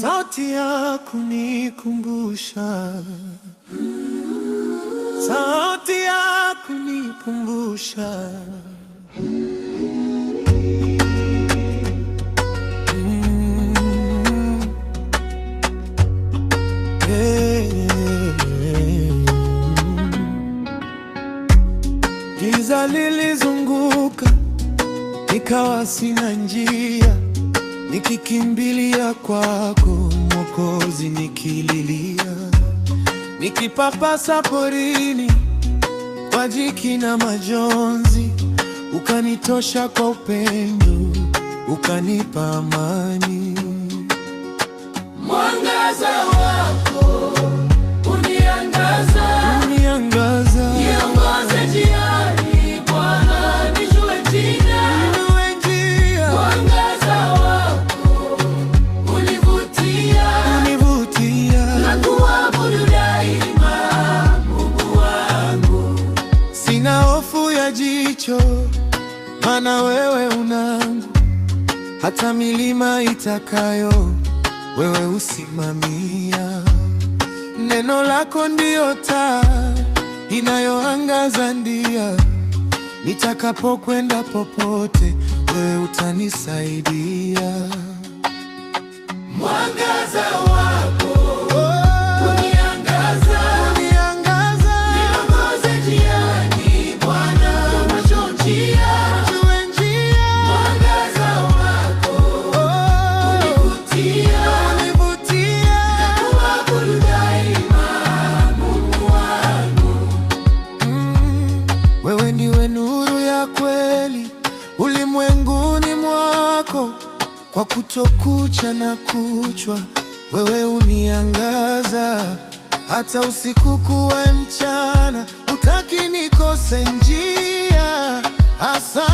sauti ya kunikumbusha, sauti ya kunikumbusha mm. Giza lilizunguka nikawa sina njia nikikimbilia kwako Mwokozi, nikililia nikipapasa porini kwa jiki na majonzi, ukanitosha kwa upendo, ukanipa amani mwangaza wako Sina hofu ya jicho, maana wewe unangu, hata milima itakayo wewe usimamia. Neno lako ndiyo taa inayoangaza ndia, nitakapokwenda popote, wewe utanisaidia mwangaza Kwa kutokucha na kuchwa, wewe uniangaza, hata usiku kuwe mchana, utaki nikose njia hasa